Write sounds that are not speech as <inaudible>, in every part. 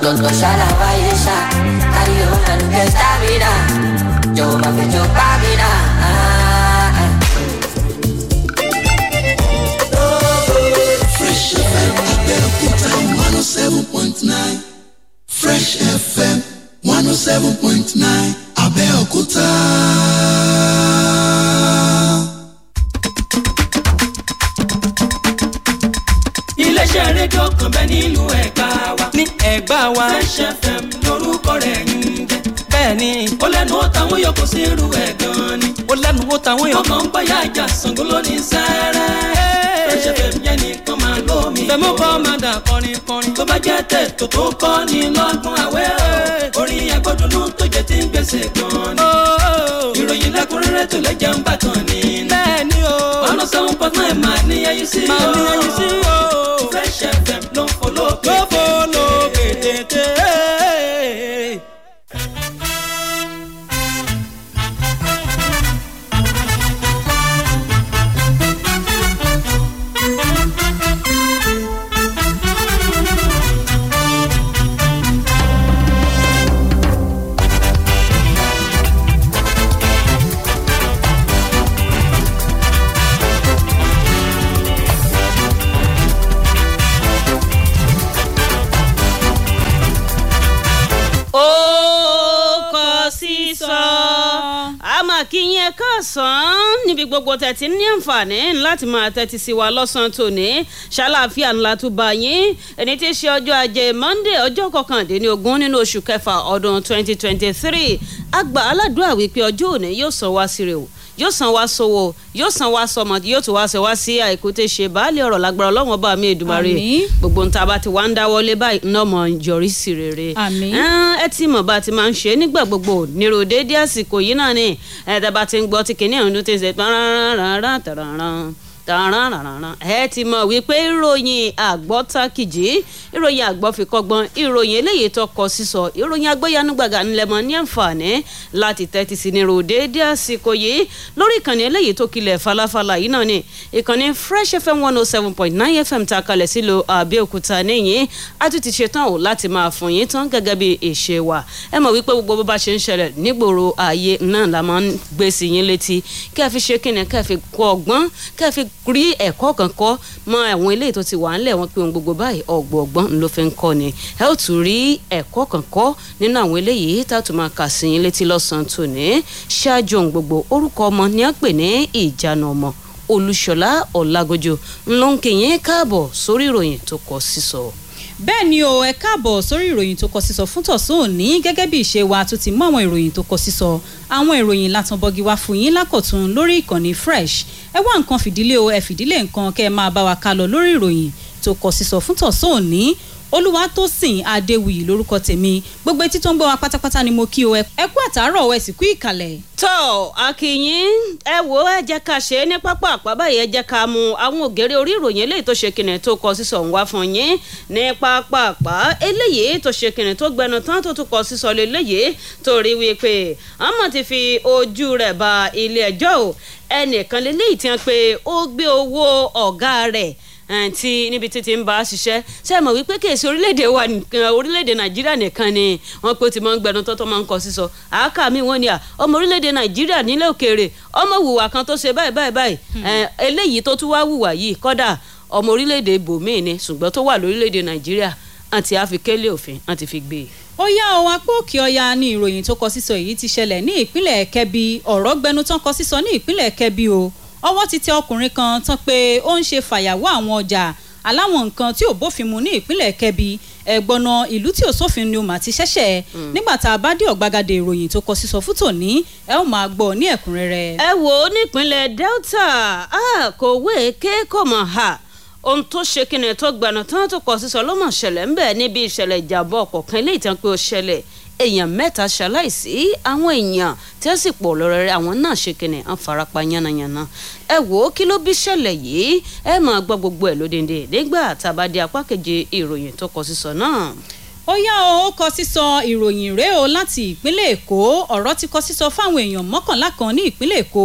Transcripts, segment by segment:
todos a la bailesa Hay que está vida Yo me fecho pa' Fresh FM oh Abeokuta 107.9 Fresh FM 107.9 Abeokuta iléeṣẹ́ rédíò kan bẹ́ẹ̀ nílùú ẹ̀gbá wa. Fresh FM lórúkọ rẹ̀ ń jẹ́. Bẹ́ẹ̀ni. Ó lẹ́nu ó tàwọn yòókù sí irú ẹ̀ gan ni. Ó lẹ́nu ó tàwọn yòókù. Ọkàn ń báyà ìjà Ṣàngó lónìí sẹ́rẹ́. Fresh FM yẹn nìkan máa lómi. Fẹ̀mú kọ́ máa dà kọrin kọrin. Tó bá jẹ́ tètò tó kọ́ ni lọ́gbọ́n àwẹ̀ o. Orin agbọ́dúnú tó jẹ ti ń gbèsè gan ni. Oh! Ìròyìn lẹ́kúnrẹ́rẹ́ tó lẹ́jà ń bàtàn ni. Bẹ́ẹ̀ni o. Ọlọ́sàn-án pọ́tán ẹ̀ máa níyàyí sí i. Máa níyàyí sí i. gbogbo tẹ̀tí ní àǹfààní láti máa tẹ́tí sí wa lọ́sàn-án tòní ṣàlàáfíà ńlá tó bá yín ẹni tí í ṣe ọjọ́ ajé monday ọjọ́ kọkàndínlógún nínú oṣù kẹfà ọdún twenty twenty three àgbà aládùúrà wípé ọjọ́ òní yóò sọ wá sí rè yóò san wá sówó yóò san wá sọmọ yóò tún wá sọ wá sí àìkúté ṣe baálé ọ̀rọ̀ lágbára ọlọ́run ọba mi èdùmarè gbogbo nta bá ti wá ń dáwọ́lé báyìí náà mọ̀ yọrí sí rere ẹ ti mọ̀ bá ti máa ń ṣe nígbà gbogbo nírò déédéé àsìkò yìí náà ni ẹ̀ẹ́dẹ́ bá ti ń gbọ́ ti kìnìún tó ti ń ṣe tán rárá rárá tàràràn tàràràràrà ẹ ti mọ̀ wípé ìròyìn àgbọ̀ takìjì ìròyìn àgbọ̀ fikọ́gbọ́n ìròyìn eléyìí tọkọ sísọ ìròyìn agbóyanúgbàgà ńlẹ̀mọ́ ní àǹfààní láti tẹ́tí sí ní ròdé dé àsìkò yìí lórí ìkànnì eléyìí tó kilẹ̀ falafala yìí náà ni ìkànnì fresh fm one oh seven point nine fm ta kalẹ̀ sílùú àbẹ́òkúta níyìn a tún ti ṣetán o láti máa fún yín tán gẹ́gẹ́ bí ìṣe wa ẹ mọ̀ wípé gbogbo bó bá ṣe ń rí ẹ̀kọ́ kan kọ́ mọ àwọn eléyìí tó ti wà ńlẹ̀ wọn pé ohun gbogbo báyìí ọ̀gbọ̀ọ̀gbọ́n ló fi ń kọ́ ni ẹ ó tún rí ẹ̀kọ́ kan kọ́ nínú àwọn eléyìí tá a tún máa kà sí yín létí lọ́sàn-án tòní ṣáájú ohun gbogbo orúkọ ọmọ ni a ń pè ní ìjánu ọmọ olùṣọlá ọ̀làgójò ńlọ́nkẹ́yìn káàbọ̀ sórí ìròyìn tó kọ sísọ. So bẹ́ẹ̀ ni o ẹ káàbọ̀ sórí ìròyìn tó kọ sísọ fún tọ̀sán òní gẹ́gẹ́ bí ìṣe wa tó ti mú àwọn ìròyìn tó kọ sísọ àwọn ìròyìn látàn bọ́gi wá fún yín lákọ̀tún lórí ìkànnì fresh ẹ wá nǹkan fìdílé o ẹ fìdílé nǹkan kẹ́ ẹ máa bá wa ká lọ lórí ìròyìn tó kọ sísọ fún tọ̀sán òní olúwatósìn adéwì lórúkọ tèmi gbogbo etí tó ń gbọ́ wa pátápátá ni mo kí o ẹ kú àtàárọ̀ ẹ sì kú ìkàlẹ̀. tọ́ akínyìn ẹ wo ẹ jẹ́ ká ṣe é ní pápá àpábá yẹn jẹ́ ká mu àwọn ògèrè orí ìròyìn eléyìí tó ṣe kìnìún tó kọ sísọ ń wá fún yín ní pápá àpá eléyìí tó ṣe kìnìún tó gbẹnu tán tó tún kọ sísọ lélẹ́yìí torí wípé ọmọ ti fi ojú rẹ̀ ba ilé ẹjọ́ ẹnìkan lélẹ́yìí ti hàn pé ó gbé owó ọ̀gá rẹ̀ Eh, tí níbi títí ń bá a ṣiṣẹ́ ṣe mọ̀ wípé kèsì orílẹ̀-èdè wa eh, orílẹ̀-èdè nàìjíríà nìkan ni wọ́n pé ó ti máa ń gbẹnu tọ́tọ́ máa ń kọ sísọ àáká mi wọ́n ni à ọmọ orílẹ̀-èdè nàìjíríà nílẹ̀ òkèèrè ọmọ wùwà kan tó ṣe báyìí báyìí báyìí hmm. eh, eléyìí tó tún wá wùwà yìí kọ́dà ọmọ orílẹ̀-èdè bòmíì ni ṣùgbọ́n tó wà lórílẹ̀-èdè nàìjíríà àti àfikẹ́lẹ̀ òfin àti fi gbé e ó ni ìròyìn tó kọ sísọ yìí ti ṣẹlẹ̀ ní o ọwọ́ ti tẹ ọkùnrin kan tán pé ó ń ṣe fàyàwọ́ àwọn ọjà aláwọn nǹkan tí ò bófin mu ní ìpínlẹ̀ kẹbi ẹ̀gbọ́nà ìlú tí ò sófin ni o mà ti ṣẹ̀ṣẹ̀ mm. nígbà tá a bá dé ọ̀gbagadè ìròyìn tó kọ sísọ fún tòní ẹ ó máa gbọ́ ní ẹ̀kúnrẹ́rẹ́. ẹ wo nípínlẹ̀ Delta kò wé ké kò mọ̀ ha ohun tó ṣe kí ni tó gbaná tán tó kọ sísọ ló mọ̀ ṣẹlẹ̀ ńbẹ̀ níbi ìṣẹ̀lẹ̀ ìjàmbá ọkọ̀ kan ilé ìtàn pé ó ṣẹlẹ̀ èèyàn mẹ́ta ṣaláìsí àwọn èèyàn tí wọ́n sì pọ̀ lọ́rẹ́rẹ́ àwọn náà ṣe kìnnì ń farapa yánnayànna ẹ wò ó kí ló bí ṣẹlẹ̀ yìí ẹ máa gbọ́ gbogbo ẹ̀ lódende nígbà tá a bá dé apá keje ìròyìn tó kọ sísọ náà ó yá o ó kọ sísọ ìròyìn rèé o láti ìpínlẹ̀ èkó ọ̀rọ̀ ti kọ sísọ fáwọn èèyàn mọ́kànlá kan ní ìpínlẹ̀ èkó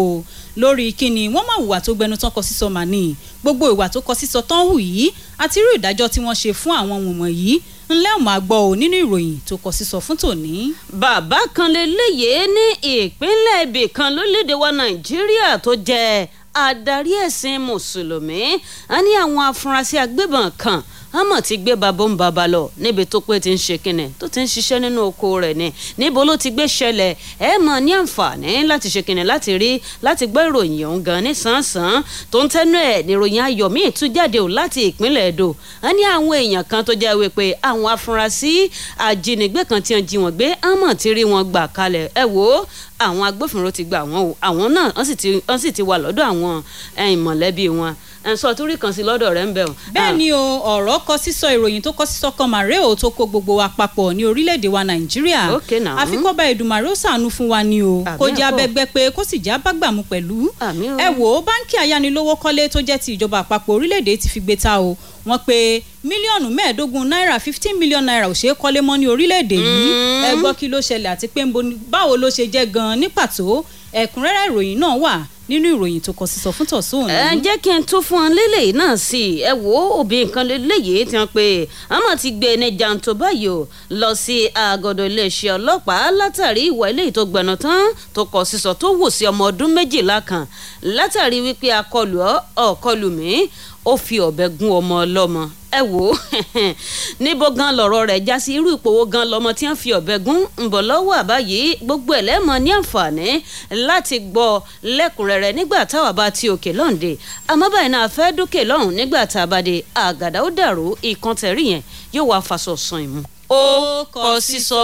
lórí kíni wọ́n máa hùwà tó gbẹnu tán kọ sísọ màní gbogbo ìwà tó kọ sísọ tán hù yìí àti irú ìdájọ́ tí wọ́n ṣe fún àwọn wọ̀nyí ńlẹ́ ò máa gbọ́ ò nínú ìròyìn tó kọ sísọ fún tòní. bàbá kan lè léyèé ní ìpínlẹ̀ ibì kan lórílẹ̀‐èdè wa nàìjíríà tó jẹ́ adarí ẹ̀sìn mùsùlùmí a ní àwọn afurasí agbébọn kan àmọ́ ti gbé bàbá ń bàbá lọ níbi tó pé ti ń ṣe kinní tó ti ń ṣiṣẹ́ nínú oko rẹ̀ ni níbo ló ti gbé ṣẹlẹ̀ ẹ mọ̀ ní àǹfààní láti ṣe kinní láti rí láti gbọ́ ìròyìn ọ̀hún gan ní sàn-án tó ń tẹ́nu ẹ̀ níròyìn ayọ̀ míì tún jáde ò láti ìpínlẹ̀ Èdò a ní àwọn èèyàn kan tó jẹ́ wípé àwọn afurasí ajínigbé kan ti hàn jí wọn gbé àmọ́ ti rí wọn gbà kalẹ̀ ẹ wò ó àwọn agbófinró ti gba àwọn o àwọn náà wọ́n sì ti wà lọ́dọ̀ àwọn mọ̀lẹ́bí wọn ẹ̀sọ́ tó rí kan sí lọ́dọ̀ rẹ̀ ń bẹ̀ o. bẹ́ẹ̀ ni ah. o ọ̀rọ̀ kọ sísọ ìròyìn tó kọ sísọ kan màrè o tó kó gbogbo wa papọ̀ ní orílẹ̀ wa nàìjíríà àfikọ́ba ìdùmàrè ó ṣàánú fún wa ni o kó já bẹ́gbẹ́ pé kó sì já bágbàmú pẹ̀lú ẹ wò ó báńkì ayánilówó kọ́lé tó jẹ́ ti ìjọba àpapọ̀ orílẹ̀-èdè ti fi gbé ta o wọ́n pé mílíọ̀nù mẹ́ẹ̀ẹ́dógún náírà fifteen million naira ò ṣeé kọ́lé mọ́ ní orílẹ̀-èdè yìí mm-hmm. ẹ gbọ́ kí ló ṣẹlẹ̀ àti pé báwo ló ṣe jẹ́ gan-an ní pàtó ẹ̀kúnrẹ́rẹ́ ìròyìn náà wà nínú ìròyìn tó kọ sísọ fún tọ̀sùn òní. ẹ jẹ́ kí n tún fún ọ lélẹ̀ náà sí i ẹ wo òbí nǹkan lélẹ́yìí tí wọ́n pe àmọ́ ti gbé ní jàǹtó báyìí o lọ sí àgọ́dọ̀ iléeṣẹ́ ọlọ́pàá látàrí ìwà ilé tó gbẹ̀nà tán tó kọ sísọ tó wù sí ọmọ ọdún méjìlá kan látàrí wípé akọlù ọ ọkọlù mi ó fi ọ̀bẹ gún ọmọ ọlọ́mọ ẹ wò ó <laughs> níbo gan lọrọ rẹ̀ já sí irú ìpòwò gan lọmọ tí wọ́n fi ọ̀bẹ gún àbáyé gbogbo ẹ̀ ní àǹfààní láti gbọ́ lẹ́kùnrẹ́rẹ́ nígbà táwa ti òkè lọ́ǹde àmọ́ báyìí náà fẹ́ lọ́hùn nígbà tá a bá dé ó dàrú kọ sísọ.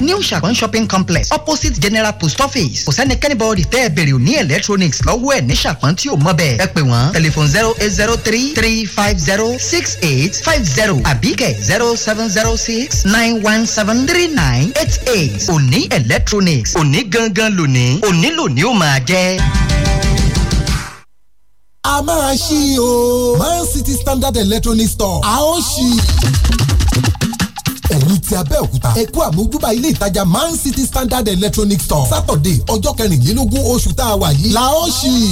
new Sharon shopping complex opposite general post office kò sẹ́ni kẹ́nìbọ̀dì tẹ́ ẹ bèrè ní electronics lọ́wọ́ ẹ̀ ní Sharon tí o mọ̀ bẹ́ẹ̀ ẹ pè wọ́n tẹlifon zero eight zero three three five zero six eight five zero àbíkẹ́ zero seven zero six nine one seven three nine eight eight òní electronics òní gangan lónìí òní lónìí ó máa jẹ́ a máa ṣí o Man City Standard Electronics Store a ó ṣí ẹ̀yin ti abẹ́òkúta ẹ kú àmójúbà ilé ìtajà man city standard electronic store saturday ọjọ́ kẹrìnlélógún oṣù tá a wà yìí la ó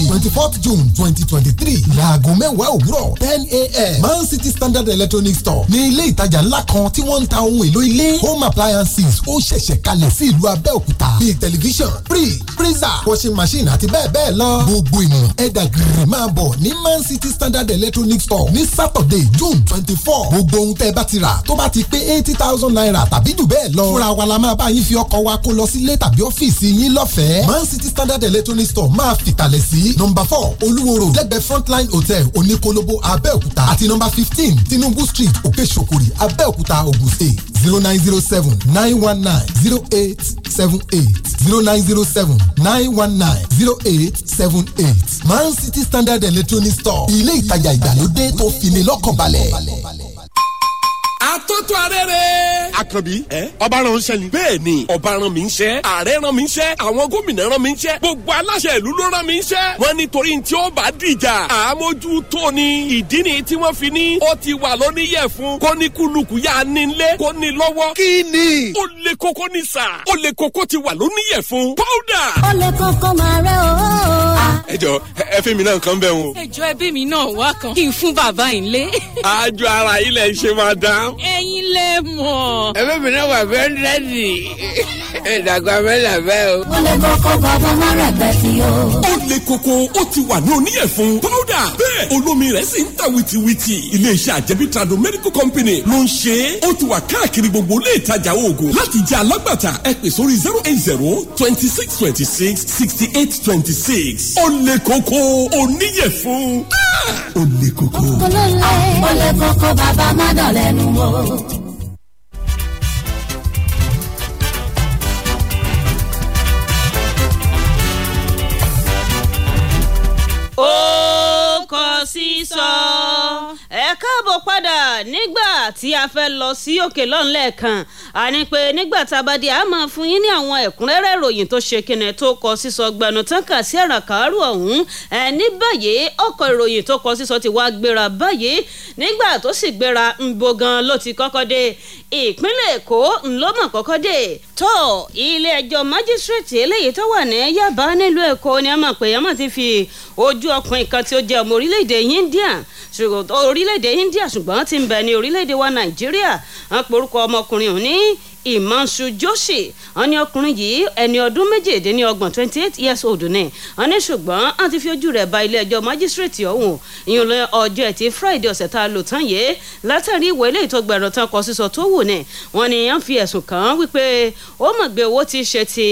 twenty fourth june twenty twenty three láago mẹ́wàá òwúrọ̀ ten a.m. man city standard electronic store ní ilé ìtajà ńlá kan tí wọ́n ń ta ohun èlò ilé home appliances ó ṣẹ̀ṣẹ̀ kalẹ̀ sí ìlú abẹ́òkúta bíi tẹlifíṣàn free freezer washing machine àti bẹ́ẹ̀ bẹ́ẹ̀ lọ gbogbo ènìyàn ẹ̀dà gírì máa bọ̀ ní man city standard electronic store ní saturday june twenty four gbogbo ohun tẹ́ bá ti rà tó bá ti pé eighty thousand thousand naira tàbí jù bẹ́ẹ̀ lọ. fúnra wa la máa bá yín fi ọkọ̀ wa kó lọ sílé tàbí ọ́fíìsì yín lọ́fẹ̀ẹ́. Man City Standard Electronic Store máa fìtàlẹ̀ sí nọ́mbà four Olúwo Road Frontline Hotel Oníkólóbó Abẹ́òkúta àti number fifteen Tinubu Street Òkè-Ṣòkòrì Abẹ́òkúta Ògùn State zero nine zero seven nine one nine zero eight seven eight zero nine zero seven nine one nine zero eight seven eight Man City Standard Electronic Store ilé ìtajà ìgbàlódé tó fini lọ́kàn balẹ̀ atótó arére. àkànbí ọba rán ń ṣẹ́ ni. bẹ́ẹ̀ ni ọba rán mi ń ṣẹ́ ààrẹ rán mi ń ṣẹ́ àwọn gómìnà rán mi ń ṣẹ́ gbogbo aláṣẹ ìlú ló rán mi ń ṣẹ́. wọ́n nítorí tí ó bá dìjà àmójútó ni ìdí ni tí wọ́n fi ní ó ti wà lóníyẹ̀ fún kó ní kúlùkù yá ní ilé kó ní lọ́wọ́. kí ni. ó lè kókó ní sà ó lè kókó ti wà lóníyẹ̀ fún pọ́dà. ó lè kókó máa rẹ o. Ah. ẹ jọ ẹ fún mi náà kan bẹ́ẹ̀ o. ẹ jọ ẹbí mi náà wá kan kí n fún bàbá yìí lé. àjọ ara ilẹ̀ ṣe máa dán ẹ̀yin lẹ mọ̀. ẹ̀mí mi náà wà fẹ́ẹ́ rẹ́dì ìdàgbàmẹ́ làbẹ́ o. ó lè kókó bàbá má rẹ̀ bẹ́ sí o. ó lè kókó ó ti wà ní oníyẹ̀fun pọ́dà bẹ́ẹ̀ olómi rẹ̀ sì ń ta wìtìwìtì. iléeṣẹ́ àjẹbí trado medical company ló ń ṣe é. ó ti wà káàkiri gbogbo ilé ìtajà oògùn. láti jẹ́ alágbàtà ẹ pè sórí zero eight zero twenty six twenty six sixty eight twenty six. ó lè kókó oníyẹ̀fun. Ah! ó lè kókó. ó lè kókó bàbá má dọ̀lẹ́nu o. sísọ ẹ káàbọ̀ padà nígbà tí a fẹ́ lọ sí òkè lọ́nlẹ̀ kan àní pé nígbà tá a bá di a máa fún yín ní àwọn ẹ̀kúnrẹ́rẹ́ ìròyìn tó ṣe kíni tó kọ sísọ gbẹnu tán kà sí àràkàrù ọ̀hún ẹ̀ ní báyìí ọkọ̀ ìròyìn tó kọ sísọ ti wá gbéra báyìí nígbà tó sì gbéra ńbo gan ló ti kọ́kọ́ dé ìpínlẹ̀ èkó ńlọ́mọ̀ kọ́kọ́ dé tó ilé ẹjọ́ májísírèètì eléyìí tó wà ní yaba nílùú èkó ni a mọ̀ pé a mọ̀ ti fi ojú ọkùnrin kan tí ó jẹ́ ọmọ orílẹ̀-èdè India ṣùgbọ́n ti ń bẹ ní orílẹ̀ orílẹ̀-èdè wa nàìjíríà wọn pe orúkọ ọmọkùnrin òní Imansu Joshi wọn ní ọkùnrin yìí ẹni ọdún méjìdínlọ́gbọ̀n twenty eight years old ni wọn ní ṣùgbọ́n a ti fi ojú rẹ̀ ba ilé ẹjọ́ májísírèètì ọ̀hún ìyún lọ ọjọ́ ẹtì Friday ọ̀sẹ̀ tá a lò tán yìí látàrí ìwé ilé ìtọ́gba ẹ̀rọ tán kọ sísọ tó wù ní wọn ni wọn fi ẹ̀sùn kàn án wípé ó mọ̀ gbé owó ti ṣe ti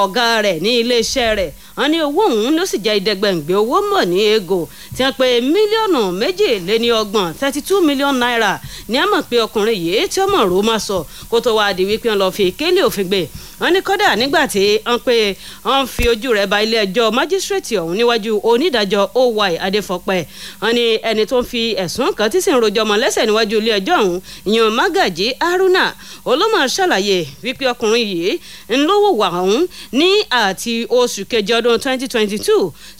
ọ̀gá rẹ̀ ní iléeṣẹ́ rẹ̀ wọ́n ní owó ọ̀hún ló sì jẹ́ ìdẹ́gbẹ̀ǹgbẹ̀ owó mọ̀ ní ego tí wọ́n pe mílíọ̀nù méjìléní ọgbọ̀n thirty two million naira ní àmọ̀ pé ọkùnrin yìí tí ọmọ rò máa sọ kó tó wáá wádìí wípé wọ́n lọ fi kélé òfin gbé wọ́n ní kódà nígbà tí wọ́n pé wọ́n fi ojú rẹ̀ ba ilé ẹjọ́ májísírèètì ọ̀hún níwájú onídàájọ́ oy adéfọpẹ́ wọ́n ní ẹni tó ń fi ẹ̀sùn kan tí sì ń rojọ́ mọ́ níwájú ilé ẹjọ́ yan magaji haruna olómọ ṣàlàyé wípé ọkùnrin yìí ń lówó wà ọ̀hún ní àti oṣù kejì ọdún 2022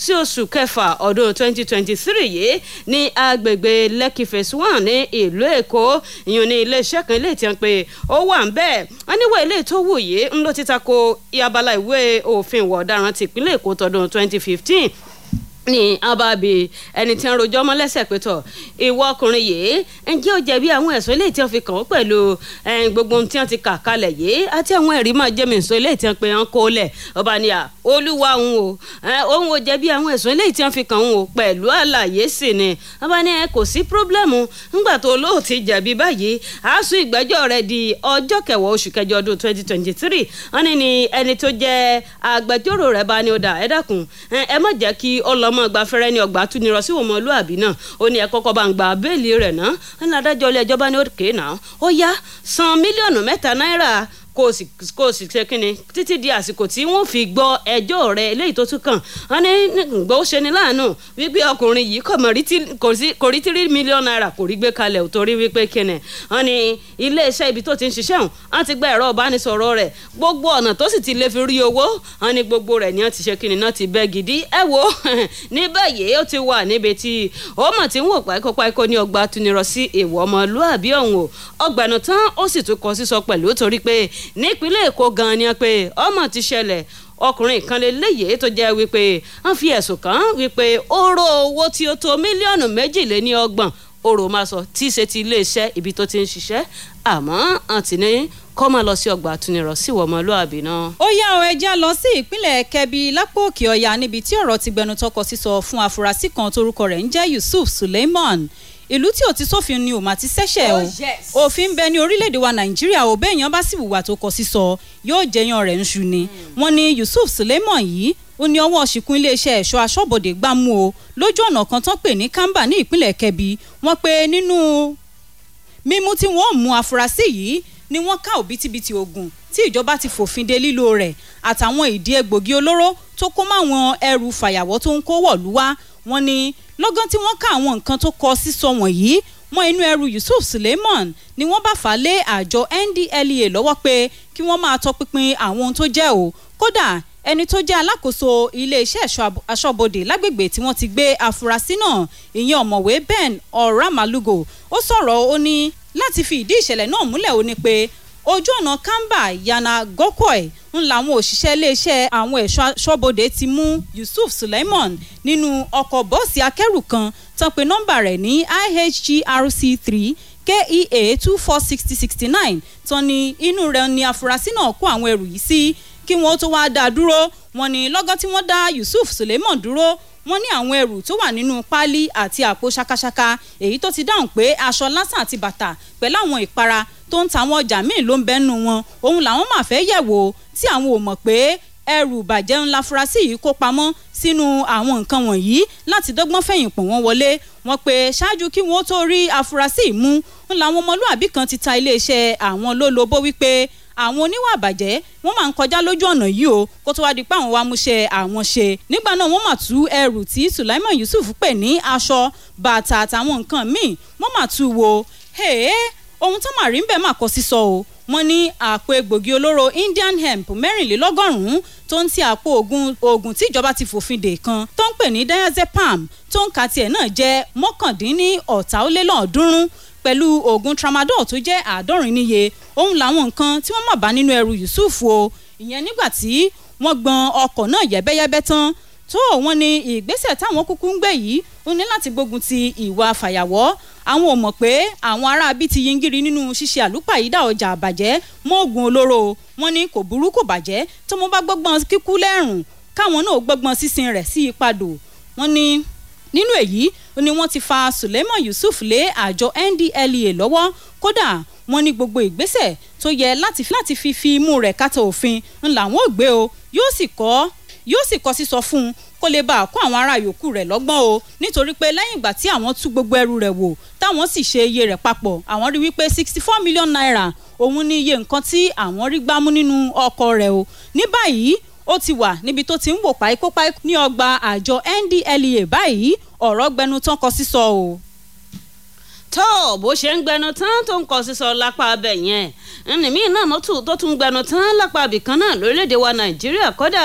sí oṣù kẹfà ọdún 2023 yìí ní agbègbè lekki phase one ní ìlú èkó ìyọ̀n ní iléeṣẹ́ kan ilé ìtàn pé ó wà ń bẹ́ẹ̀ wọ́n níwọ̀ ilé tó wù yìí ń ló ti tako abala ìwé òfin ìwà ọ̀daràn ti ìpínlẹ̀ Èkó tọdún 2015 ní ababi ẹni tí ń rojọ́ mọ́ lẹ́sẹ̀ pé tọ̀ ìwọ ọkùnrin yìí ǹjẹ́ ó jẹ̀bi àwọn ẹ̀sùn eléyìí tí wọ́n fi kàn ó pẹ̀lú gbogbo ohun tí wọ́n ti kà kalẹ̀ yìí àti àwọn ẹ̀rí máa jẹ́ mi ìsọ̀ eléyìí tí wọ́n pe hàn kó lẹ̀ ọba ni à olúwa òun o òun ò jẹ̀bi àwọn ẹ̀sùn eléyìí tí fi kàn òun o pẹ̀lú àlàyé sì ni ọba ni kò sí pírọ́blẹ́mù ńgbà tó olóò jẹ̀bi báyìí twenty twenty three wọ́n ní ni ẹni tó jẹ́ agbẹjọ́rò rẹ̀ bá ọmọ ìgbà fẹ́rẹ́ ní ọgbà tún nírọ sí ọmọlúàbí náà ó ní ẹ kọ́kọ́ ń gba béèlì rẹ̀ náà ẹni adájọ́ ilé ẹjọ́ bá ní òkè náà ó yá san mílíọ̀nù mẹ́ta náírà kó o sì kó o sì ṣe kínni títí di àsìkò tí wọ́n fi gbọ́ ẹjọ́ rẹ eléyìí tó tún kàn wọ́n ní gbọ́ ó ṣe ni láàánú wípé ọkùnrin yìí kò rí tírí mílíọ̀nù náírà kò rí gbé kalẹ̀ ò torí wípé kínni wọ́n ní iléeṣẹ́ ibi tó ti ń ṣiṣẹ́ hàn wọ́n ti gba ẹ̀rọ ìbánisọ̀rọ̀ rẹ̀ gbogbo ọ̀nà tó sì ti lè fi rí owó wọ́n ní gbogbo rẹ̀ ni wọ́n ti ṣe kínni náà ti bẹ́ gidi ẹ wo <laughs> ní báyìí ó ti wà níbi tí ó mọ̀ tí ń wò páíkó ní ọgbà nípínlẹ̀ èkó gan-an ni pé ọmọ ti ṣẹlẹ̀ ọkùnrin kan lélẹ́yìí tó jẹ́ wípé wọ́n fi ẹ̀sùn kàn wípé ó ró owó tí ó tó mílíọ̀nù méjìléní ọgbọ̀n oró máa sọ tí í ṣe ti iléeṣẹ́ ibi tó ti ń ṣiṣẹ́ àmọ́ àǹtí ní kọ́ máa lọ sí ọgbà àtúnirọ̀ sí ìwọ ọmọlúàbí náà. ó yá ọ ẹja lọ sí ìpínlẹ̀ kẹbi lápò òkè ọ̀yà níbi tí ọ̀rọ̀ ti gbẹnu tọkọ sísọ fún afurasí kan tórúkọ rẹ̀ ń jẹ́ Yusuf Suleiman ìlú tí ò ti sófin ni ò mà ti ṣẹ̀ṣẹ̀ o oh, òfin bẹ ní orílẹ̀-èdè wa nàìjíríà ò bẹ́ẹ̀ yan bá sì wùwà tó kọ sísọ yóò jẹyàn rẹ̀ ń ni hmm. wọ́n ní yusuf suleiman yìí ó ní ọwọ́ ṣìkún iléeṣẹ́ ẹ̀ṣọ́ aṣọ́bodè gbámú o lójú ọ̀nà kan tán pè ní kánbà ní ìpínlẹ̀ kẹbi wọ́n pe nínú mímú tí wọ́n mú afurasí yìí ni wọ́n ká òbítíbitì oògùn tí ìjọba ti fòfin de lílo rẹ̀ àtàwọn ìdí egbògi olóró tó kó máwọn ẹrù fàyàwọ́ tó ń kó wọ̀lú wá wọ́n ní lọ́gán tí wọ́n ká àwọn nǹkan tó kọ sísọ wọ̀nyí mọ́ inú ẹrù Yusuf Suleiman ni wọ́n bá fà á lé àjọ NDLEA lọ́wọ́ pé kí wọ́n máa tọpinpin àwọn ohun tó jẹ́ o kódà ẹni tó jẹ́ alákòóso iléeṣẹ́ ẹ̀ṣọ́ aṣọ́bodè lágbègbè tí wọ́n ti gbé afurasí náà ìyẹn ọ̀mọ̀wé Ben Oramalugo ó sọ̀rọ̀ ó ní láti fi ìdí ìṣẹ̀lẹ̀ náà múlẹ̀ ó ní pé ojú ọ̀nà kamba yana gokoi ń làwọn òṣìṣẹ́ iléeṣẹ́ àwọn ẹ̀ṣọ́ aṣọ́bodè ti mú Yusuf Suleiman nínú ọkọ̀ bọ́ọ̀sì akẹ́rù kan tán pé nọ́mbà rẹ̀ ní IHGRC three KEA two four sixty sixty nine tán ni inú rẹ̀ ni afurasí náà kó àwọn ẹrù yìí sí kí wọ́n tó wáá dá a dúró wọ́n ní lọ́gán tí wọ́n dá Yusuf Suleiman dúró wọ́n ní àwọn ẹrù tó wà nínú páálí àti àpò ṣakaṣaka èyí tó ti dáhùn pé aṣọ lásán àti bàtà pẹ̀lú àwọn ìpara tó ń ta àwọn ọjà míì ló ń bẹ́nu wọn òun làwọn máa fẹ́ yẹ̀wò tí àwọn ò mọ̀ pé ẹrù bàjẹ́ ńlá furasí yìí kó pamọ́ sínú àwọn nǹkan wọ̀nyí láti dọ́gbọ́n fẹ̀yìn pọ̀ wọ́n wọlé wọ́n pé ṣáájú kí wọ́n tó rí afurasí mú ń làwọn ọmọlúàbí kan ti ta iléeṣẹ́ àwọn lólobó wípé àwọn oníwà àbàjẹ́ wọ́n máa ń kọjá lójú ọ̀nà yìí o kó tó wá di pé àwọn wa múṣẹ́ àwọn ṣe nígbà náà wọ́n máa tú ẹrù tí Sulaiman Yusuf pè ní aṣọ bàtà àtàwọn nǹkan míì wọ́n máa tú wo ohun tó máa rí ń bẹ̀ máa kọ sísọ o wọ́n ní àpò egbògi olóró Indian hemp mẹ́rìnlélọ́gọ́rùn-ún tó ń ti àpò oògùn oògùn tí ìjọba ti fòfin dè kan tó ń pè ní diazepam tó ń ka tiẹ̀ náà jẹ́ mọ́kàndínní ọ̀tàlélọ́ọ̀ọ́dúnrún pẹ̀lú oògùn tramadol tó jẹ́ àádọ́rin níye òun làwọn nǹkan tí wọ́n mọ̀ bá nínú ẹrù Yusuf o ìyẹn nígbà tí wọ́n gbọn ọkọ̀ náà yẹ́bẹ́yẹ́bẹ́ tán tó wọ́n ní ìgbésẹ̀ táwọn kúkú ń gbé yìí ó ní láti gbógun ti ìwà fàyàwọ́ àwọn ò mọ̀ pé àwọn aráabí ti yingiri nínú ṣíṣe àlùpàyídà ọjà àbàjẹ́ mọ́ oògùn olóró wọ́n ní kò burú kò bàjẹ́ tó mo bá gbọ́gbọ́n kíkú lẹ́rùn káwọn náà gbọ́gbọ́n sísin rẹ̀ sí ipadò wọ́n ní nínú èyí ni wọ́n ti fa Suleiman Yusuf lé àjọ NDLEA lọ́wọ́ kódà wọ́n ní gbogbo ìgbésẹ̀ tó yẹ láti fi fi imú rẹ̀ kátà òfin ńlá wọn ò gbé o yóò sì kọ́ yóò sì kọ sísọ fún kó lè bá a kó àwọn ará yòókù rẹ̀ lọ́gbọ́n o nítorí pé lẹ́yìn ìgbà tí àwọn tú gbogbo ẹrù rẹ̀ wò táwọn sì ṣe iye rẹ̀ papọ̀ àwọn rí wípé sixty four million naira òun ni iye nǹkan tí àwọn rí gbámú nínú ọkọ̀ rẹ̀ o ní báyìí ó ti wà níbi tó ti ń wò páíkópáí ní ọgbà àjọ NDLEA báyìí ọ̀rọ̀ gbẹnu tán kọ sísọ o tó bó ṣe ń gbẹnu tán tó ń kọ sísọ lápá abẹ yẹn ẹnìmí náà mọ́tò tó tún gbẹnu tán lápá abìkan náà lórílẹ̀‐èdè wa nàìjíríà kọ́dà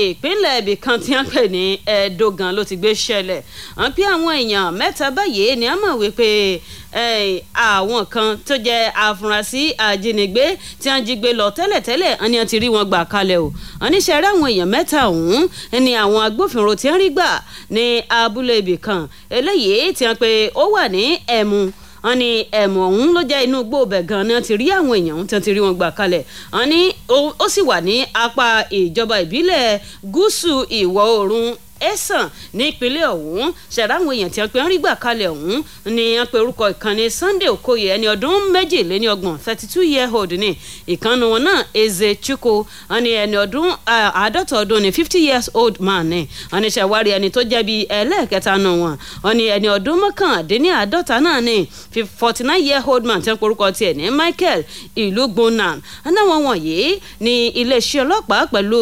ìpínlẹ̀ ibì kan tí wọ́n pè ní ẹ̀ẹ́dógan ló ti gbé ṣẹlẹ̀ wọ́n pé àwọn èèyàn mẹ́ta báyìí ni wọ́n mọ̀ wípé àwọn kan tó jẹ́ afurasí ajínigbé tí wọ́n jí gbé lọ tẹ́lẹ̀tẹ́lẹ̀ wọ́n ní wọ́n ti rí wọn gbà kalẹ̀ o wọ́n ní sẹ́rẹ́ àwọn èèyàn mẹ́ta ọ̀hún ni àwọn agbófinró ti ń rí gbà ní abúlé ibì kan eléyìí tí wọ́n pé ó wà ní ẹ̀mú wọn ní ẹ̀mọ̀ ọ̀hún ló jẹ́ inú igbó ibẹ̀ gan ni wọ́n ti rí àwọn èèyàn ọ̀hún tí wọ́n ti rí wọn gbà kalẹ̀ wọn ní ó sì wà ní apá ìjọba ìbílẹ̀ gúúsù ìwọ̀ oòrùn ẹ̀sán ní ìpínlẹ̀ ọ̀hún ṣẹ̀dá àwọn èèyàn tí wọ́n pe ń rí gbà kalẹ̀ ọ̀hún ni wọ́n pe orúkọ ìkànnì Sunday Okoye ẹni ọdún méjìléníọgbọ̀n thirty two year old ni ìkànnì wọn náà Eze Chukwu wọn ni ẹni ọdún àádọ́ta ọdún ni fifty years old man ni wọn ni ṣàwárí ẹni tó jẹ́ bíi ẹlẹ́ẹ̀kẹta nù wọn wọn ni ẹni ọdún mọ́kàndínláàdọ́ta náà ni forty nine year old man tí wọ́n pe orúkọ tiẹ̀ ní Michael Ilugbona anáwọn wọ̀nyí ni iléeṣẹ́ ọlọ́pàá pẹ̀lú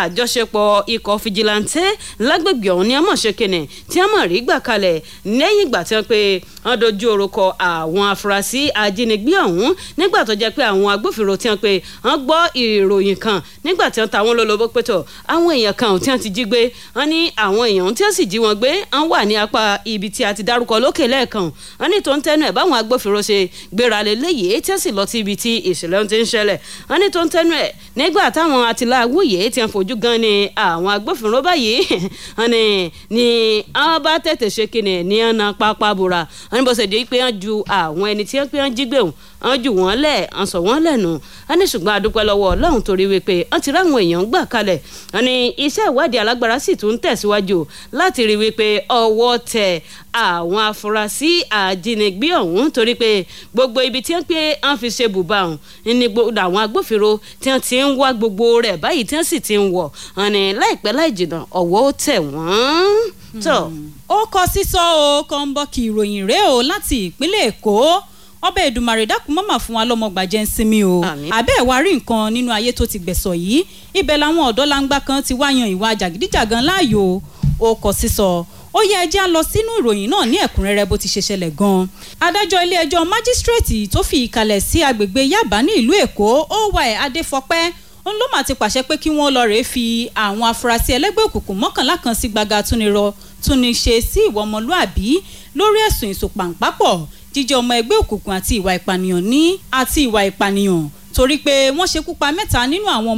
àjọṣepọ̀ ikọ̀ fijilantẹ́ lágbègbè ọ̀hún ni a mọ̀ ṣe kìnnì tí a mọ̀ rí gbà kalẹ̀ lẹ́yìn ìgbà tí wọ́n pe wọ́n dojú orúkọ àwọn afurasí ajínigbé ọ̀hún nígbà tó jẹ́ pé àwọn agbófinró tí wọ́n pe wọ́n gbọ́ ìròyìn kan nígbà tí wọ́n ta wọ́n lólobó pẹ̀tọ̀ àwọn èèyàn kan tí wọ́n ti jí gbé wọ́n ní àwọn èèyàn tí wọ́n sì jí wọn gbé wọ́n wà ní apá ibi tí a ti dárúkọ lókè lẹ́ẹ̀kan wọ́n ní tó ń tẹnu ẹ̀ báwọn agbófinró ṣe gbéra lé léyìí tí wọ́n sì lọ sí ibi tí ìṣẹ̀lẹ̀ ti ń ṣẹlẹ̀ wọ́n ní tó ń tẹnu ẹ̀ nígbà táwọn àtìláwòye ti ń fojú gan ni àwọn agbófinró báyìí <laughs> ni ni wọ́n bá tètè ṣe ni ní ọ̀nà pápá bora wọ́n bó ṣe di pé wọ́n ju àwọn ẹni tí wọ́n pé wọ́n jí gbé wọn wọ́n jù wọ́n lẹ̀ wọ́n sọ wọ́n lẹ́nu wọ́n ní ṣùgbọ́n adúpẹ́ lọ́wọ́ ọlọ́run torí wípé wọ́n ti ráwọn èèyàn gbà kalẹ̀ wọ́n ní iṣẹ́ ìwádìí alágbára sì tún tẹ̀síwájú láti rí wípé ọwọ́ tẹ̀ àwọn afurasí àjínigbé ọ̀hún torí pé gbogbo ibi tí wọ́n pé wọ́n fi ṣe bùbá ọ̀hún ní àwọn agbófinró tí wọ́n ti ń wá gbogbo rẹ̀ báyìí tí wọ́n sì ti ń wọ̀ wọ́n ní láìpẹ́ láì tẹ̀ wọ́n. tó ó kọ sísọ o kọ́ńbọ́ọ̀kì ìròyìn rèé o láti ìpínlẹ̀ èkó ọbẹ̀ Èdùmàrè dákun mọ́mà fún wa lọ́mọgbà jẹ́ ń sinmi o àbẹ́ ẹ̀ wá rí nǹkan nínú ayé tó ti gbẹ̀sọ̀ yìí ibẹ̀ làwọn ọ̀dọ́ langba kan ti wá yan ìwà jàgídíjàgan láàyò ó kọ sísọ ó yẹ ẹjẹ́ á lọ sínú ìròyìn náà ní ẹ̀kúnrẹ́rẹ́ bó ti ṣe ṣẹlẹ̀ gan-an adájọ́ ilé ẹjọ́ májísírèètì tó fi ìkàlẹ̀ sí agbègbè Yábà ní ìlú Èkó ó wà ẹ̀ Adéfọpẹ́ ó ló mà ti pàṣẹ pé kí wọ́n lọ rèé fi àwọn afurasí ẹlẹ́gbẹ́ òkùnkùn mọ́kànlá kan sí gbàgà túnirọ túnníṣe sí ìwà ọmọlúàbí lórí ẹ̀sùn ìsopàǹpápọ̀ jíjẹ́ ọmọ ẹgbẹ́ òkùnkùn àti ìwà ìpànìyàn ní àti ìwà ìpànìyàn torí pé wọ́n ṣekú pa mẹ́ta nínú àwọn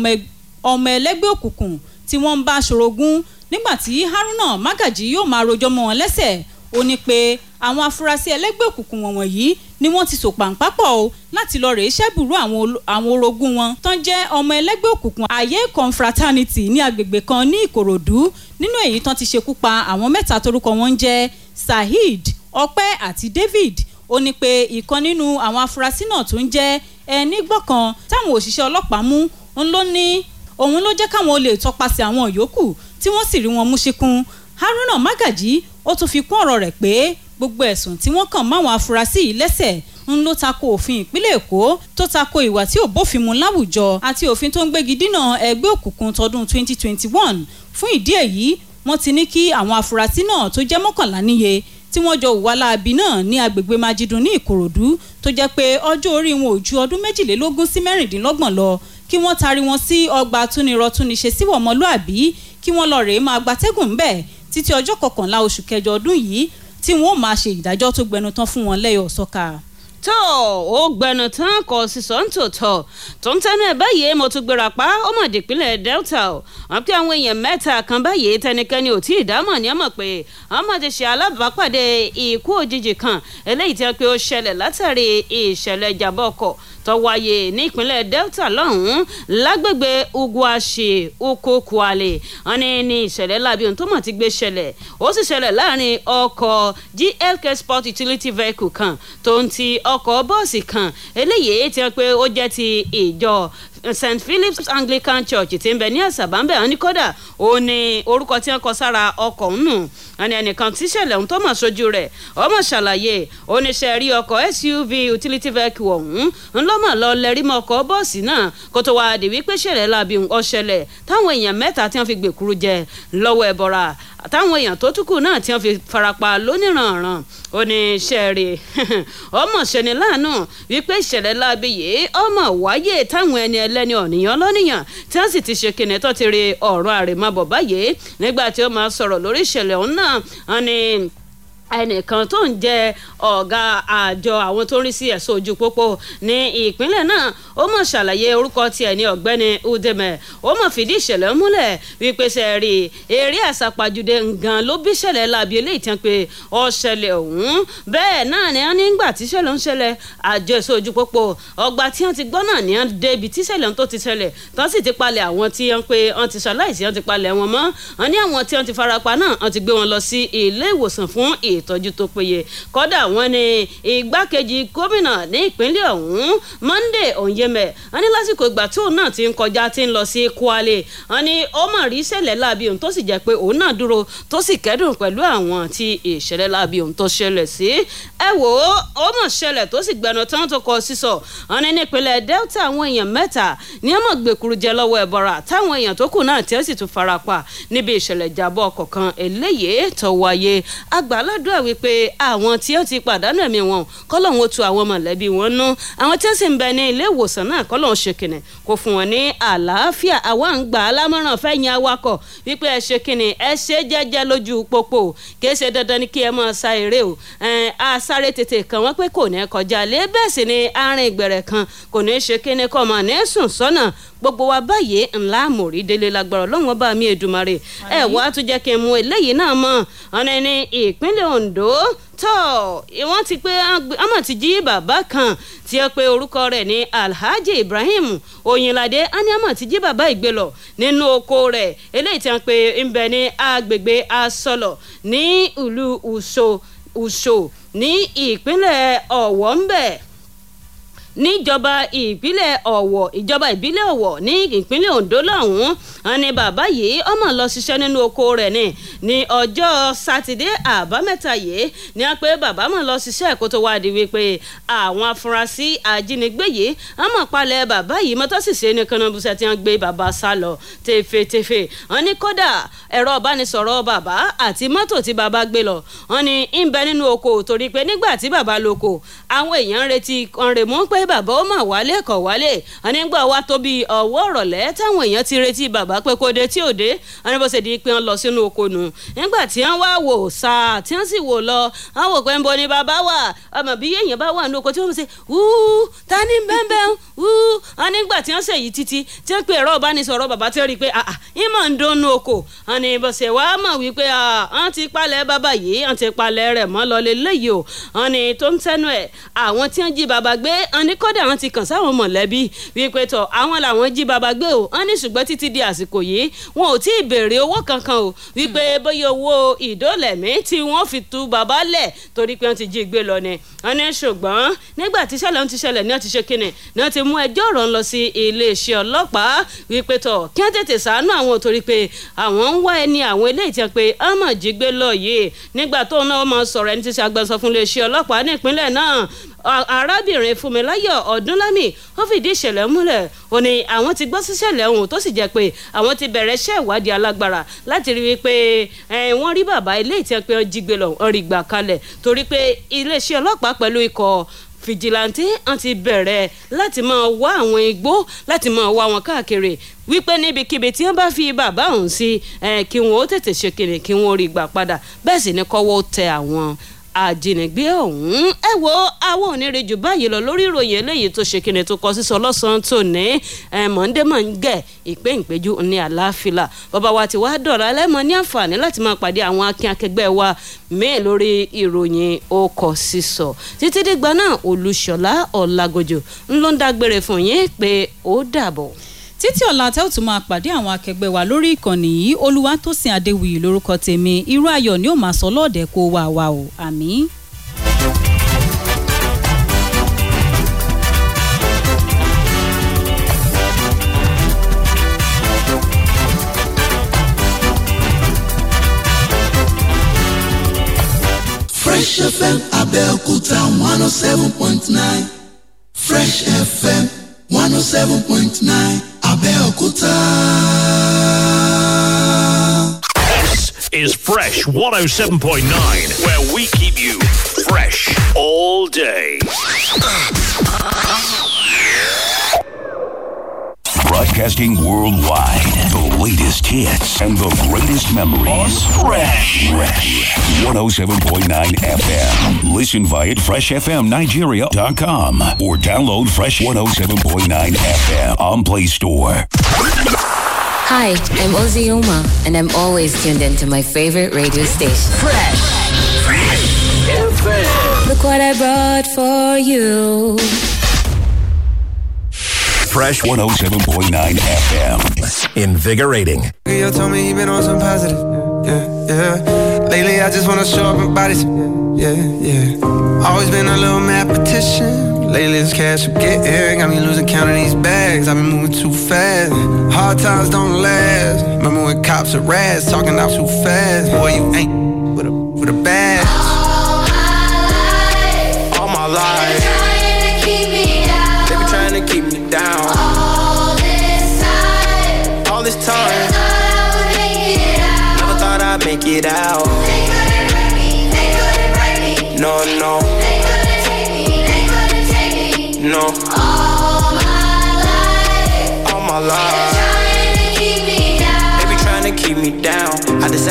ọmọ ẹlẹ́gbẹ́ òkùnkùn tí wọ́n ń bá ṣorogún nígbà tí Haruna Magaji yóò máa rojọ́ mọ́ wọn lẹ́sẹ̀ ó ní pé àwọn afurasí ẹlẹ́gbẹ́ òkùnkùn wọ̀n wọ̀nyí ni wọ́n ti sò pàǹpápọ̀ o láti lọ rèé ṣẹ́bùrú àwọn orogún wọn tán jẹ́ ọmọ ẹlẹ́gbẹ́ òkùnkùn àyè confraternity ní agbègbè kan ní Ìkòròdú nínú èyí tán ti ṣekú pa àwọn mẹ́ta torúkọ wọn ń jẹ́ Saheed Ọpẹ́ àti David ó ní pé ìkan nínú àwọn afurasí náà tó ń jẹ́ ẹni gbọ̀kan táwọn òṣìṣẹ́ ọlọ́pàá mú ń lọ ní òun ló jẹ́ káwọn olè tọpasẹ̀ àwọn yòókù tí wọ́n sì rí wọn mú ṣíkún haruna magaji ó tún fi kún ọ̀rọ̀ rẹ̀ pé gbogbo ẹ̀sùn tí wọ́n kàn máwọn afurasí yìí lẹ́sẹ̀ ń ló tako òfin ìpínlẹ̀ èkó tó tako ìwà tí ò bófin mu láwùjọ àti òfin tó ń gbégi dínà ẹgbẹ́ òkùnkùn tọdún 2021 fún ìdí èyí wọ́n ti ní kí àwọn afurasí náà tó jẹ́ mọ́kànlá níye tí wọ́n jọ hùwà láabi náà ní agbègbè májídùn ní ìkòròdú tó jẹ́ pé ọjọ́ orí wọn ò ju ọdún méjìlélógún sí mẹ́rìndínlọ́gbọ̀n lọ kí wọ́n taari wọn sí ọgbà túnirọ́túniṣe síwọ̀ ọmọlúàbí kí wọ́n lọ rèé máa gbatẹ́gùn ńbẹ̀ títí ọjọ́ kọkànlá oṣù kẹjọ ọdún yìí tí wọ́n ó máa ṣe ìdájọ́ tó gbẹnu tán fún wọn lẹ́yọ̀ ọ̀sọ́ka tó o gbẹnu tán kò sì sọ ń tòótọ́ tó ń tẹnu ẹ̀ báyìí mo tún gbéra pa ọmọdé ìpínlẹ̀ Delta o wọn pe àwọn èèyàn mẹ́ta kan báyìí tẹnikẹ́ni ò tí ì dámọ̀ ní ọmọ pé ọmọ ti ṣe alábàápàdé ikú òjijì kan eléyìí tí wọn pe ó ṣẹlẹ̀ látàrí ìṣẹ̀lẹ̀ ìjàmbá ọkọ̀ tó wáyé ní Delta lọ́hùn-ún lágbègbè uguashi ukokuale wọn ní ní ìṣẹ̀lẹ̀ láabi ohun tó mọ̀ ti gbé ṣẹlẹ̀ ó sì ṣẹlẹ̀ láàrin ọkọ̀ GLK Sport utility vehicle kan tó ń ti ọkọ̀ bọ́ọ̀sì kan eléyìí tí wọ́n pe ó jẹ́ ti ìjọ Uh, st philip's anglican church ti ń bẹ ní ẹ̀sàbámbẹ̀ wọn ni kódà òun ni orúkọ tí wọ́n kọ sára ọkọ̀ nù ẹni ẹnìkan tí ìṣẹ̀lẹ̀ ohun tó mọ̀ sójú rẹ̀ ọmọ ṣàlàyé oníṣẹ́ rí ọkọ̀ suv utility vehicle ọ̀hún ńlọ́mọ̀ lọ lẹ́rí mọ́ ọkọ̀ bọ́ọ̀sì náà kó tó wáá di wípé ṣẹlẹ̀ láabi ọṣẹlẹ̀ táwọn èèyàn mẹ́ta tí wọ́n fi gbèkúrú jẹ lọ́wọ́ ẹ̀bọ̀ra táwọn èèyàn tó tún kù náà tí wọ́n fi farapa lóníranran oníṣẹ́ rí ọmọ <laughs> ṣẹni láàánú wípé ìṣẹ̀lẹ̀ láabi yìí ọmọ wáyé táwọn ẹni ẹ ẹlẹ́ni ọ̀nìyàn lọ́nìyàn tí wọ́n sì ti ṣe kìnìún tó ti rí ọ̀rọ̀ àrèmabọ̀ báyìí nígbà tí ó máa sọ̀rọ̀ lórí ìṣẹ̀lẹ̀ ọ̀hún náà wọ́n ní ẹnìkan tó ń jẹ ọ̀gá àjọ àwọn tó ń rí sí ẹ̀sùn ojú pópó ní ìpínlẹ̀ náà ó mọ̀ ṣàlàyé orúkọ tiẹ̀ ní ọ̀gbẹ́ni udeme ó mọ̀ fìdí ìṣẹ̀lẹ̀ múlẹ̀ wípé ṣe rí eré àsápajúdé ngan ló bí ṣẹlẹ̀ láabi eléyìí tán pé ó ṣẹlẹ̀ ọ̀hún bẹ́ẹ̀ náà ni wọ́n nígbà tí ṣẹlẹ̀ ń ṣẹlẹ̀ àjọ ẹ̀sùn ojú pópó ọgbà tí wọ́n ti gbọ́ náà ni wọ́n dé ibi tí ṣẹlẹ̀ tó ti ìtọ́jú tó péye kọ́dà wọ́n ní igbákejì gómìnà ní ìpínlẹ̀ ọ̀hún Monday Onyeme wọ́n ní lásìkò ìgbà tí òun náà ti ń kọjá tí ń lọ sí Kwale wọ́n ní ó mọ̀ rí ìṣẹ̀lẹ̀ láabi òun tó sì jẹ́ pé òun náà dúró tó sì kẹ́dùn pẹ̀lú àwọn tí ìṣẹ̀lẹ̀ láabi òun tó ṣẹlẹ̀ sí ẹ wò ó ó mọ̀ ṣẹlẹ̀ tó sì gbẹnu tán tó kọ sísọ wọ́n ní nípínlẹ̀ Delta àwọn èèyàn mẹ́ta ní ọmọ gbèkúrú jẹ lọ́wọ́ ẹ̀bọ̀ra táwọn èèyàn tó kù náà tí ó sì tún farapa níbi ìṣẹ̀lẹ̀ ìjàmbá ọkọ̀ kan tó wáyé àgbàládù gbàdúrà wípé àwọn tí ó ti pàdánù ẹ̀mí wọn kọ́lọ́hún ó tu àwọn mọ̀lẹ́bí wọn nú àwọn tí ó sì ń bẹ ní ilé ìwòsàn náà kọ́lọ́hún ṣe kìnnì kò fún wọn ní àlàáfíà àwa ń gbà á lámọ̀ràn fẹ́yìn awakọ̀ wípé ẹ ṣe kìnnì ẹ ṣe jẹ́jẹ́ lójú pópó kìí ṣe dandan ni kí ẹ máa sa eré o a sáré tètè kàn wọ́n pé kò ní kọjá lé bẹ́ẹ̀ sì ni arìn ìgbẹ̀rẹ̀ kan kò ní ṣe kìnnì kọ́ mọ̀ ní sùn sọ́nà gbogbo wa báyìí ńlá àmọ̀rí délé lágbára ọlọ́run ọba mi èdùmarè ẹ wá tún jẹ́ kí n mú eléyìí náà mọ̀ ọ̀nà ní ìpínlẹ̀ Ondo tọ́ wọ́n ti pé àmọ̀ ti jí bàbá kan tí ó pe orúkọ rẹ̀ ní Alhaji Ibrahim Oyinlade aniamọ̀ ti jí bàbá ìgbé lọ nínú oko rẹ̀ eléyìí tí wọ́n pe ń bẹ ní agbègbè asọlọ̀ ní ìlú Uso Uso ní ìpínlẹ̀ Ọ̀wọ̀ ń bẹ níjọba ìbílẹ̀ ọ̀wọ̀ ìjọba ìbílẹ̀ ọ̀wọ̀ ní ìpínlẹ̀ Ondo lọ́hùn-ún wọn ni bàbá yìí ọmọ lọ ṣiṣẹ́ nínú oko rẹ̀ ni ní ọjọ́ sátidé àbámẹ́ta yìí ni wọ́n pé bàbá mọ̀ lọ ṣiṣẹ́ kó tó wá di wípé àwọn afurasí ajínigbé yìí wọ́n mọ̀ palẹ̀ bàbá yìí mọ́tò sì ṣe ní kanabusẹ̀ tí wọ́n gbé bàbá sá lọ tefetefe wọ́n ní kódà ẹ̀rọ ìbánisọ̀rọ̀ bàbá àti mọ́tò tí bàbá gbé lọ wọ́n ní ń bẹ nínú oko torí pé nígbà tí bàbá lóko àwọn èèyàn ń retí ọ̀rẹ́mú pé bàbá ó mà wálé kọ̀ wálé wọn nígbà wá tó bí ọwọ́ ọ̀rọ̀lẹ́ táwọn èèyàn ti retí bàbá pé kó dé tí ò dé wọn bó ṣe di pé wọn lọ sínú oko nù nígbà tí wọn wá wò sáà tí wọn sì wò lọ wọn wò pé ń bo ni bàbá wà ọmọ bí èèyàn bá wà ní oko tí wọn ṣe wúú ta ní bẹ́ẹ̀bẹ́ wúú wọn nígbà tí wọn ṣe yìí títí tí wọn pe ẹ̀rọ ìbánisọ̀rọ̀ bàbá tí wọn rí i pé àà ìmọ̀ ń dónú oko wọn bó ṣe wá mọ̀ wípé wọn ti palẹ̀ bàbá yìí wọn ti palẹ̀ rẹ̀ mọ́ lọ lélẹ́yìí o wọn tó ń tẹ́nu ẹ̀ àwọn tí wọn jí bàbá gbé wọn ní kódà wọ́n ti kàn sáwọn mọ̀lẹ́bí wípé tọ̀ àwọn làwọn jí baba gbé o wọ́n ní ṣùgbọ́n títí di àsìkò yìí wọn ò tí ì béèrè owó kankan o wípé bóyá owó ìdólẹ̀mí tí wọ́n fi tú baba lẹ̀ torí pé wọ́n ti jí gbé lọ ni wọ́n ní ṣùgbọ́n nígbà tí ṣẹlẹ̀ ń ti ṣẹlẹ̀ ní wọ́n ti ṣe kíni ní wọ́n ti mú ẹjọ́ ọ̀rọ̀ ń lọ sí iléeṣẹ́ ọlọ́pàá wípé tọ̀ kí wọ́n tètè ṣàánú àwọn torí pé àwọn ń wá ẹni àwọn eléyìí ti pé ọmọ jí gbé lọ yìí nígbà tóun náà máa sọ̀rọ̀ ẹni tí ṣe agbẹnusọ fún iléeṣẹ́ ọlọ́pàá nípínlẹ̀ náà arábìnrin Fúnmiláyọ̀ Ọdúnlámì ó fìdí ìṣẹ̀lẹ̀ múlẹ̀ ó ní àwọn ti gbọ́ síṣẹ̀lẹ̀ ọ̀hún tó sì jẹ́ pé àwọn ti bẹ̀rẹ̀ iṣẹ́ ìwádìí alágbára láti rí wípé wọ́n rí bàbá ilé ìtẹ́pẹ́ jígbe lọ ọ̀rì gbà kalẹ̀ torí pé iléeṣẹ́ ọlọ́pàá pẹ̀lú ikọ̀ fìjìláńtì àti bẹ̀rẹ̀ láti máa wá àwọn igbó láti máa wá wọn káàkiri wípé níbikíbi tí wọ́n bá fi bàbá ọ̀hún sí kí wọ́n ó tètè ṣe kìnnì kí wọ́n ó rí gbà padà bẹ́ẹ̀ sì ni kọ́wọ́ tẹ àwọn àjìnígbé ọ̀hún ẹ wo àwọn onírè jù báyìí lọ lórí ìròyìn eléyìí tó ṣe kíni tó kọ sísọ lọ́sàn-án tó ní mọ̀ndé mọ̀ ń gẹ̀ ìpè ìpéjú ní àlàáfíà bàbá wa ti wá dọ̀rọ̀ alẹ́mọ̀ ní àǹfààní láti máa pàdé àwọn akin wa míì lórí ìròyìn ọkọ sísọ títí dìgbà náà olùṣọlá ọ̀làgòjò ńlọ́ńdàgbére fún yín pé ó dàbọ̀ títí ọ̀la tẹ́ ò tún máa pàdé àwọn akẹgbẹ́ wa lórí ìkànnì yìí Olúwatósìn Adéwuyì lórúkọ tèmi irú ayọ̀ ni ó máa sọ lọ́ọ̀dẹ̀ kó wà wà o àmín. Fresh FM Abẹ́òkúta one oh seven point nine Fresh FM one oh seven point nine Abẹ́òkúta. This is Fresh 107.9, where we keep you fresh all day. broadcasting worldwide. The latest hits and the greatest memories. Fresh. Fresh. 107.9 FM. Listen via freshfmnigeria.com or download Fresh 107.9 FM on Play Store. Hi, I'm Ozzy Uma, and I'm always tuned into my favorite radio station. Fresh. Fresh. Fresh. Look what I brought for you. Fresh 107.9 FM. Invigorating. told me been on some positive. Yeah, yeah. Lately I just wanna show up in bodies. Yeah, yeah. Always been a little petition. Lately this cash I'm getting got me losing count of these bags. I've been moving too fast. Hard times don't last. Remember when cops are rats talking out too fast. Boy, you ain't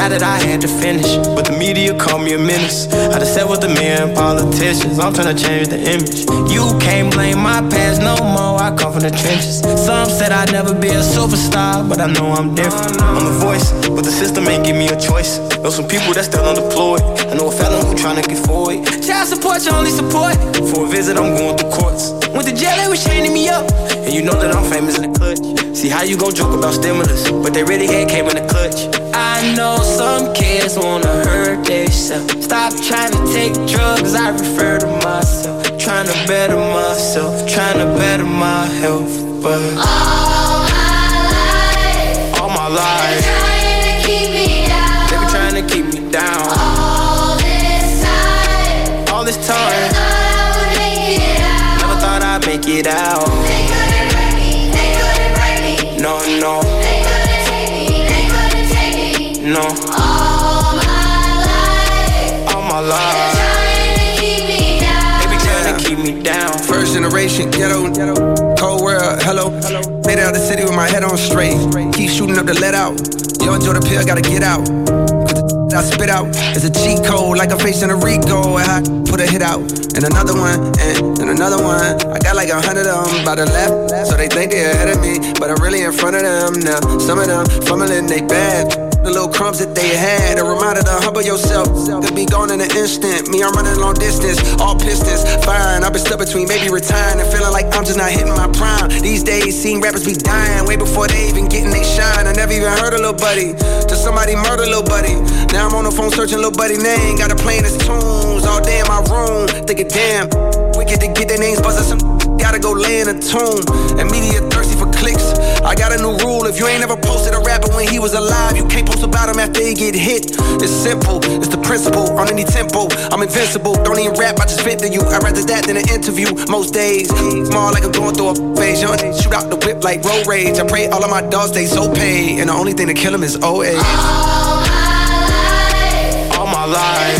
That I had to finish. But the media called me a menace. I just sat with the mayor and politicians. I'm trying to change the image. You can't blame my past no more. I come from the trenches. Some said I'd never be a superstar, but I know I'm different. I'm the voice, but the system ain't give me a choice. Know some people that still unemployed. I know a felon who trying to get forward. Child support, your only support. For a visit, I'm going through courts. Went to jail, they was chaining me up. And you know that I'm famous in the clutch. See how you gon' joke about stimulus, but they really ain't came in the clutch. I know some kids wanna hurt themselves. Stop trying to take drugs, I refer to myself. Trying to better myself, trying to better my health. But all my life, all my life, they're trying to keep me down. They've trying to keep me down. All this time, all this time, never thought I'd make it out. Never thought I'd Make it out. on. All my life. All my life. First generation ghetto, cold world, hello. Made out the city with my head on straight. Keep shooting up the let out. Yo, enjoy the pill, gotta get out. Cause I spit out is a cheat code, like I'm facing a Rico. I put a hit out, and another one, and, and another one. I got like a hundred of them by the left, so they think they ahead of me, but I'm really in front of them now. Some of them fumbling they bad the little crumbs that they had. A reminder to humble yourself. Could be gone in an instant. Me, I'm running long distance. All pistons firing. I've been stuck between maybe retiring and feeling like I'm just not hitting my prime. These days, seeing rappers be dying way before they even getting they shine. I never even heard a little buddy. Till somebody murder little buddy. Now I'm on the phone searching little buddy name. Got a playing his tunes all day in my room. Thinking, damn, We get to get their names buzzing, Some gotta go lay in a tomb. And media thirsty for clicks. I got a new rule. If you ain't ever posted a rapper when he was alive. You can't post about him after he get hit. It's simple, it's the principle. On any tempo, I'm invincible. Don't even rap, I just vent to you. I'd rather that than an interview most days. Small like I'm going through a phase. Young, shoot out the whip like road rage. I pray all of my dogs stay so paid. And the only thing to kill him is O.A. All my life. All my life.